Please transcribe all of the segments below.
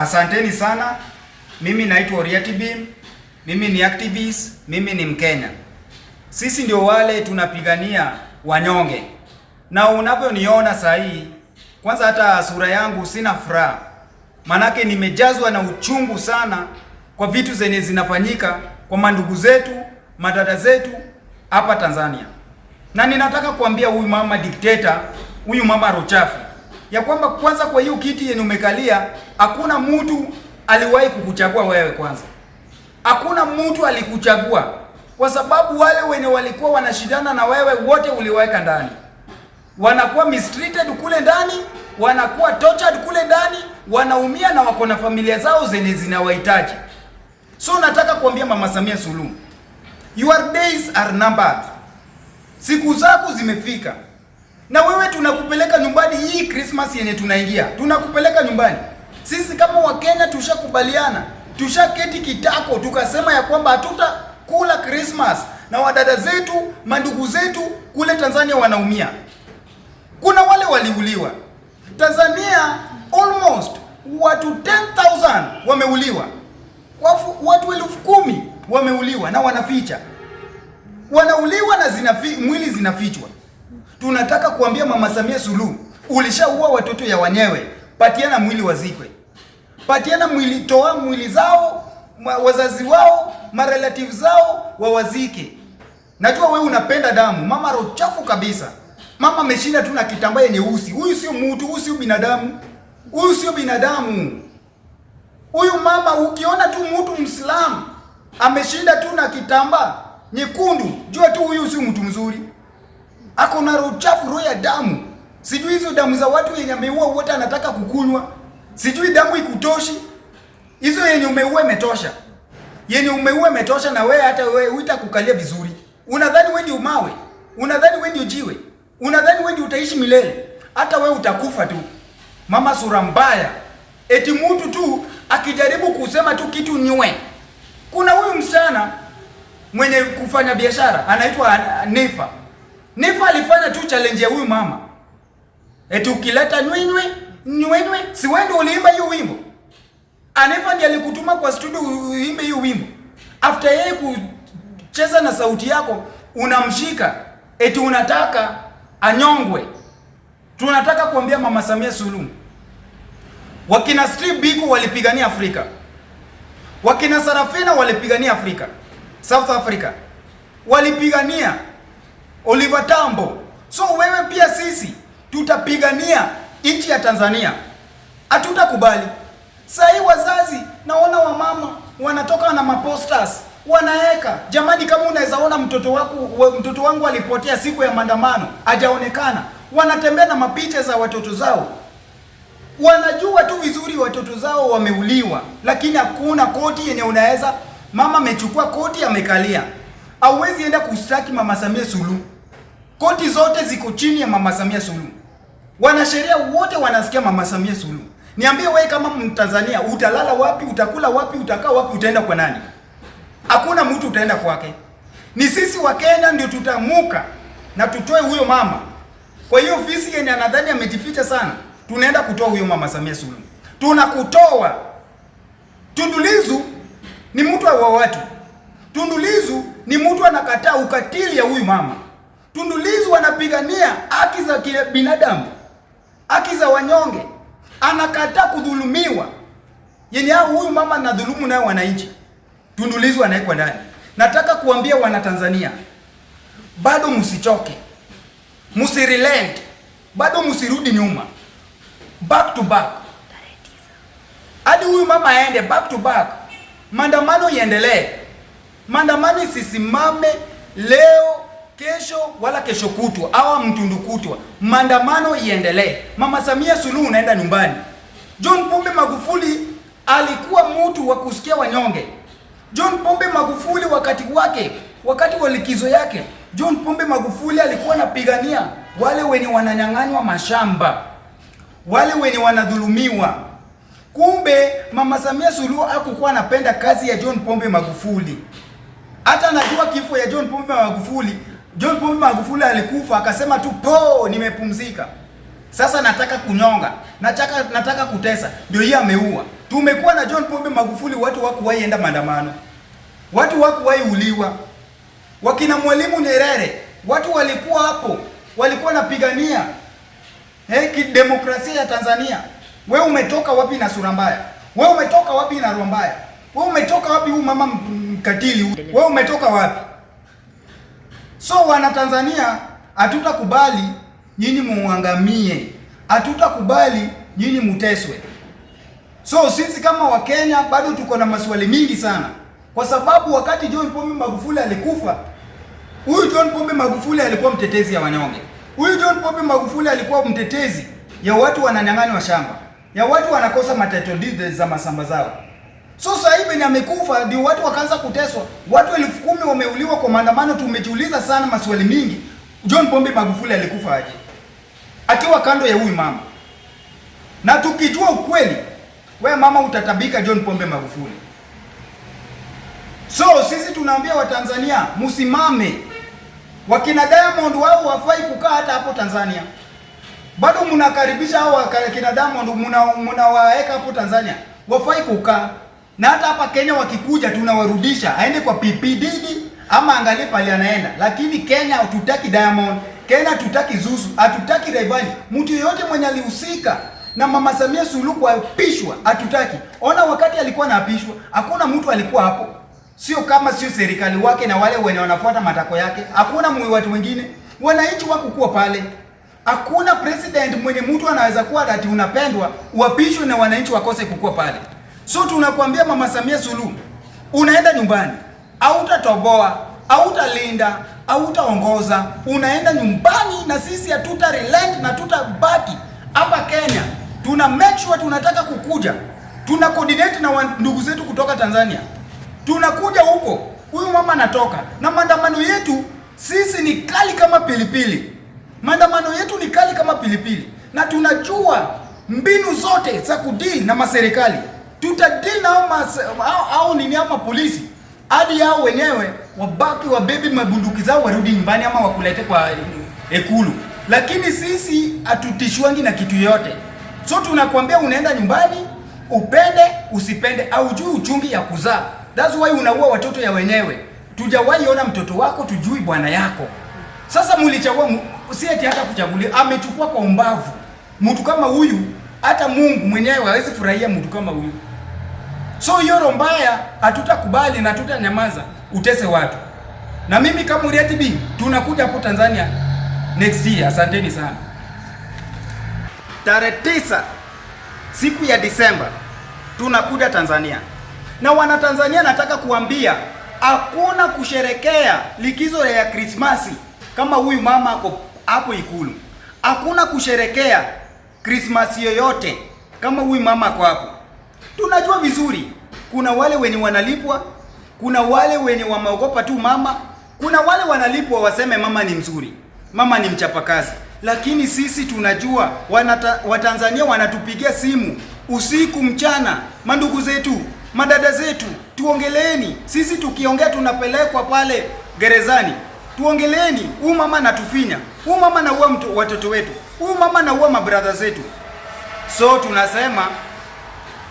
Asanteni sana. Mimi naitwa Oriati Bim. Mimi ni activist, mimi ni Mkenya. Sisi ndio wale tunapigania wanyonge, na unavyoniona saa hii, kwanza hata sura yangu sina furaha, manake nimejazwa na uchungu sana kwa vitu zenye zinafanyika kwa mandugu zetu, madada zetu hapa Tanzania, na ninataka kuambia huyu mama dikteta, huyu mama rochafu ya kwamba kwanza, kwa hiyo kiti yenye umekalia hakuna mtu aliwahi kukuchagua wewe kwanza, hakuna mtu alikuchagua kwa sababu wale wenye walikuwa wanashindana na wewe wote uliweka ndani, wanakuwa mistreated kule ndani, wanakuwa tortured kule ndani, wanaumia na wako na familia zao zenye zinawahitaji. So nataka kuambia Mama Samia Suluhu, your days are numbered, siku zako zimefika na wewe tunakupeleka nyumbani. Hii Christmas yenye tunaingia, tunakupeleka nyumbani. Sisi kama Wakenya tushakubaliana, tushaketi kitako, tukasema ya kwamba hatutakula Christmas na wadada zetu, mandugu zetu kule Tanzania wanaumia. Kuna wale waliuliwa Tanzania, almost watu 10,000 wameuliwa, watu elfu kumi wameuliwa na wanaficha, wanauliwa na zinafi, mwili zinafichwa tunataka kuambia Mama Samia Suluhu, ulishaua watoto ya wanyewe, patiana mwili wazikwe, patiana mwili, toa mwili zao, wazazi wao, marelative zao wawazike. Najua wewe unapenda damu, mama rochafu kabisa. Mama ameshinda tu na kitambaa nyeusi. Huyu sio mtu, huyu sio binadamu, huyu sio binadamu. Huyu mama ukiona tu mtu Muislamu ameshinda tu na kitambaa nyekundu, jua tu huyu sio mtu mzuri ako na roho chafu, roho ya damu, sijui hizo damu za watu yenye ameua wote anataka kukunywa, sijui damu ikutoshi hizo yenye umeua imetosha, yenye umeua imetosha, na wewe hata wewe utakukalia vizuri. Unadhani wewe ndio mawe? Unadhani wewe ndio jiwe? Unadhani wewe ndio utaishi milele? Hata wewe utakufa tu, mama. Sura mbaya, eti mtu tu akijaribu kusema tu kitu nywe. Kuna huyu msichana mwenye kufanya biashara anaitwa Nefa. Nifa alifanya tu challenge ya huyu mama. Eti ukileta nywinywi, nywinywi, si wewe ndio uliimba hiyo wimbo? Anifa ah, ndiye alikutuma kwa studio uimbe hiyo wimbo. After yeye kucheza na sauti yako, unamshika eti unataka anyongwe. Tunataka kuambia Mama Samia Suluhu. Wakina Strip Biko walipigania Afrika. Wakina Sarafina walipigania Afrika. South Africa. Walipigania Oliver Tambo. So wewe pia sisi tutapigania nchi ya Tanzania, hatutakubali. Saa hii wazazi, naona wamama wanatoka na maposters wanaeka jamani, kama unaweza ona mtoto wako, mtoto wangu alipotea siku ya maandamano hajaonekana. Wanatembea na mapicha za watoto zao, wanajua tu vizuri watoto zao wameuliwa, lakini hakuna koti yenye unaweza mama amechukua koti amekalia hauwezi enda kustaki Mama Samia Suluhu. Koti zote ziko chini ya Mama Samia Suluhu, wanasheria wote wanasikia Mama Samia Suluhu. Niambie wewe kama Mtanzania utalala wapi? Utakula wapi? Utakaa wapi? Utaenda kwa nani? Hakuna mtu utaenda kwake. Ni sisi wa Kenya ndio tutamuka na tutoe huyo mama. Kwa hiyo ofisi yenye anadhani amejificha sana, tunaenda kutoa huyo Mama Samia Suluhu, tunakutoa. Tundu Lissu ni mtu wa watu Tundu Lissu ni mtu anakataa ukatili ya huyu mama. Tundu Lissu anapigania haki za binadamu, haki za wanyonge, anakataa kudhulumiwa. Yenye hao huyu mama anadhulumu nayo wananchi. Tundu Lissu ndani. Nataka kuambia Wanatanzania bado msichoke, msirelent, bado msirudi nyuma, back to back hadi huyu mama aende back to back, maandamano iendelee maandamano sisimame leo kesho wala kesho kutwa au mtundu kutwa, maandamano iendelee. Mama Samia Suluhu, unaenda nyumbani. John Pombe Magufuli alikuwa mtu wa kusikia wanyonge. John Pombe Magufuli wakati wake, wakati wa likizo yake, John Pombe Magufuli alikuwa anapigania wale wenye wananyang'anywa mashamba, wale wenye wanadhulumiwa. Kumbe Mama Samia Suluhu hakukuwa anapenda kazi ya John Pombe Magufuli. Hata najua kifo ya John Pombe Magufuli. John Pombe Magufuli alikufa akasema tu po, nimepumzika. Sasa nataka kunyonga, nataka nataka kutesa, ndio yeye ameua. Tumekuwa na John Pombe Magufuli, watu hawakuwahi enda maandamano, watu hawakuwahi uliwa. Wakina Mwalimu Nyerere, watu walikuwa hapo, walikuwa napigania heki eh, demokrasia ya Tanzania. We umetoka wapi na sura mbaya? Wewe umetoka wapi na roho mbaya? Wewe umetoka wapi huu mama mkatili. Wewe umetoka wapi? So wana Tanzania, hatutakubali nyinyi muangamie, hatutakubali nyinyi muteswe. So sisi kama Wakenya bado tuko na maswali mingi sana, kwa sababu wakati John Pombe Magufuli alikufa, huyu John Pombe Magufuli alikuwa mtetezi ya wanyonge. Huyu John Pombe Magufuli alikuwa mtetezi ya watu wananyang'anywa shamba, ya watu wanakosa title deeds za masamba zao. So sasa hivi amekufa ndio watu wakaanza kuteswa. Watu elfu kumi wameuliwa kwa maandamano. Tumejiuliza sana maswali mingi. John Pombe Magufuli alikufa aje? Akiwa kando ya huyu mama. Na tukijua ukweli, we mama utatabika John Pombe Magufuli. So sisi tunaambia Watanzania msimame. Wakina Diamond wao wafai kukaa hata hapo Tanzania. Bado mnakaribisha hao wakina Diamond mnawaeka hapo Tanzania. Wafai kukaa na hata hapa Kenya wakikuja tunawarudisha, aende kwa PPDD ama angalie pale anaenda, lakini Kenya hatutaki Diamond, Kenya hatutaki Zuzu, hatutaki Rayvanny, mtu yeyote mwenye alihusika na Mama Samia Suluhu kuapishwa hatutaki. Ona wakati alikuwa naapishwa hakuna mtu alikuwa hapo, sio kama sio serikali wake na wale wenye wanafuata matako yake, hakuna mwe watu wengine, wananchi wako wakukuwa pale Hakuna president mwenye mtu anaweza kuwa ati unapendwa uapishwe na wananchi wakose kukua pale. So tunakuambia Mama Samia Suluhu, unaenda nyumbani, hautatoboa, hautalinda, hautaongoza, unaenda nyumbani, na sisi hatuta relent na tutabaki hapa Kenya. Tuna make sure tunataka kukuja, tuna coordinate na ndugu zetu kutoka Tanzania, tunakuja huko, huyu mama anatoka na maandamano yetu. Sisi ni kali kama pilipili, maandamano yetu ni kali kama pilipili, na tunajua mbinu zote za kudili na maserikali tutadili nao au nini ama polisi hadi yao wenyewe wabaki wabebi mabunduki zao warudi nyumbani ama wakulete kwa Ekulu, lakini sisi hatutishwangi na kitu yote, so tunakwambia unaenda nyumbani upende usipende, au juu uchungi ya kuzaa. That's why unaua watoto ya wenyewe. Tujawahi ona mtoto wako tujui bwana yako. Sasa mulichagua si eti hata kuchagulia, amechukua kwa umbavu mtu kama huyu. Hata Mungu mwenyewe hawezi furahia mtu kama huyu. So hiyo roho mbaya hatutakubali na tutanyamaza utese watu. Na mimi kama Uriathi B tunakuja hapo Tanzania next year. Asanteni sana. Tarehe tisa siku ya Disemba tunakuja Tanzania, na Wanatanzania, nataka kuambia hakuna kusherekea likizo ya Krismasi kama huyu mama ako hapo Ikulu. Hakuna kusherekea Krismasi yoyote kama huyu mama ako hapo. Tunajua vizuri kuna wale wenye wanalipwa, kuna wale wenye wameogopa tu mama, kuna wale wanalipwa waseme mama ni mzuri, mama ni mchapakazi. Lakini sisi tunajua wanata, Watanzania wanatupigia simu usiku mchana, mandugu zetu, madada zetu, tuongeleeni. Sisi tukiongea tunapelekwa pale gerezani. Tuongeleeni, huyu mama anatufinya, huyu mama anaua watoto wetu, huyu mama anaua mabradha zetu. So tunasema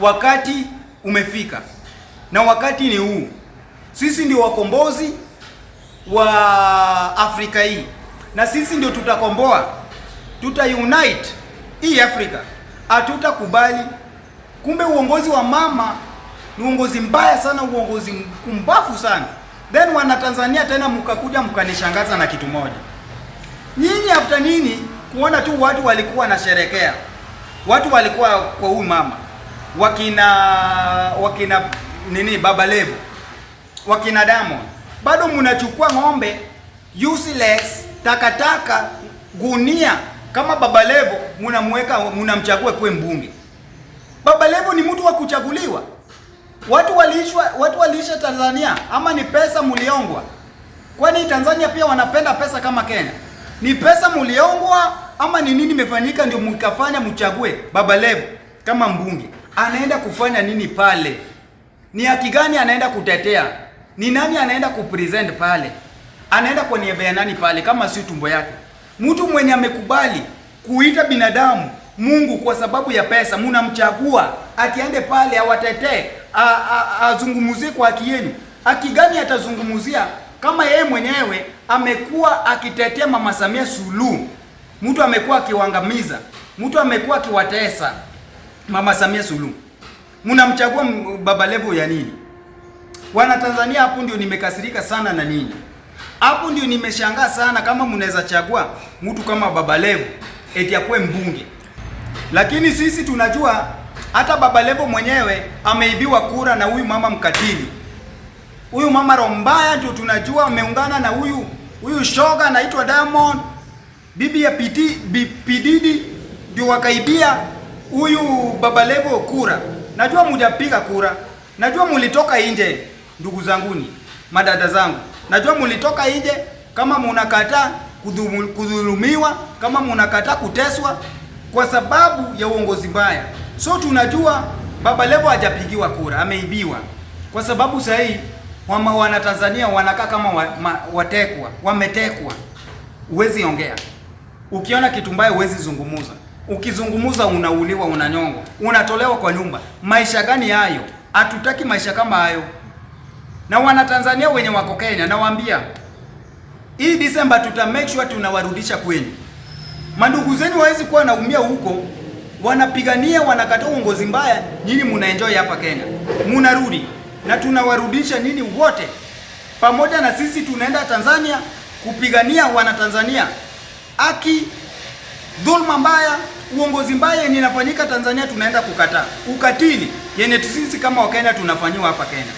Wakati umefika na wakati ni huu. Sisi ndio wakombozi wa Afrika hii na sisi ndio tutakomboa, unite hii Afrika, hatutakubali. Kumbe uongozi wa mama ni uongozi mbaya sana, uongozi mkumbafu sana. Then wana Tanzania tena mkakuja mkanishangaza na kitu moja. Nyinyi after nini kuona tu watu walikuwa wanasherekea, watu walikuwa kwa huyu mama wakina wakina nini Baba Levo, wakina Diamond, bado mnachukua ng'ombe useless, takataka, gunia kama Baba Levo mnamweka, mnamchagua kuwe mbunge. Baba Levo ni mtu wa kuchaguliwa. Watu waliishwa, watu waliisha Tanzania ama ni pesa muliongwa? Kwani Tanzania pia wanapenda pesa kama Kenya? Ni pesa muliongwa ama ni nini imefanyika ndio mkafanya mchague Baba Levo kama mbunge? anaenda kufanya nini pale? Ni haki gani anaenda kutetea? Ni nani anaenda kupresent pale? Anaenda kwa niaba ya nani pale kama si tumbo yake? Mtu mwenye amekubali kuita binadamu Mungu kwa sababu ya pesa, mnamchagua atiende pale awatetee, azungumzie kwa haki yenu. Haki gani atazungumzia kama yeye mwenyewe amekuwa akitetea Mama Samia Suluhu? Mtu amekuwa akiwangamiza, mtu amekuwa akiwatesa. Mama Samia Suluhu, mnamchagua Baba Levo ya nini? Wana Tanzania, hapo ndio nimekasirika sana na nini, hapo ndio nimeshangaa sana kama mnaweza chagua mtu kama Baba Levo eti akuwe mbunge, lakini sisi tunajua hata Baba Levo mwenyewe ameibiwa kura na huyu mama mkatili, huyu mama roho mbaya, ndio tunajua ameungana na huyu huyu shoga anaitwa Diamond, bibi ya Pididi, ndio wakaibia huyu Baba Levo kura, najua mujapiga kura, najua mulitoka nje, ndugu zanguni, madada zangu, najua mulitoka nje. Kama munakataa kudhulumiwa, kama munakataa kuteswa kwa sababu ya uongozi mbaya, so tunajua Baba Levo hajapigiwa kura, ameibiwa kwa sababu sasa hii wama wana Tanzania wanakaa kama wa, ma, watekwa, wametekwa. Huwezi ongea, ukiona kitu mbaya huwezi zungumuza ukizungumza unauliwa, unanyongwa, unatolewa kwa nyumba. Maisha gani hayo? Hatutaki maisha kama hayo. Na wanatanzania wenye wako Kenya, nawaambia hii Disemba tuta make sure tunawarudisha kwenu. Mandugu zenu hawezi kuwa naumia huko, wanapigania wanakataa uongozi mbaya, nyinyi munaenjoy hapa Kenya, munarudi na tunawarudisha nini wote pamoja na sisi. Tunaenda Tanzania kupigania wanatanzania haki, dhulma mbaya uongozi mbaya yenye inafanyika Tanzania tunaenda kukataa, ukatili yenye sisi kama Wakenya tunafanyiwa hapa Kenya.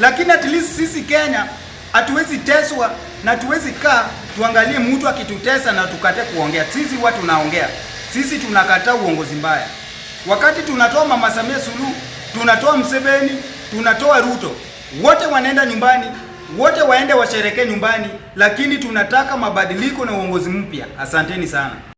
Lakini at least sisi Kenya hatuwezi teswa na tuwezi kaa tuangalie mtu akitutesa na tukate kuongea. Sisi huwa tunaongea, sisi tunakataa uongozi mbaya. Wakati tunatoa Mama Samia Suluhu, tunatoa Mseveni, tunatoa Ruto, wote wanaenda nyumbani, wote waende washerekee nyumbani, lakini tunataka mabadiliko na uongozi mpya. Asanteni sana.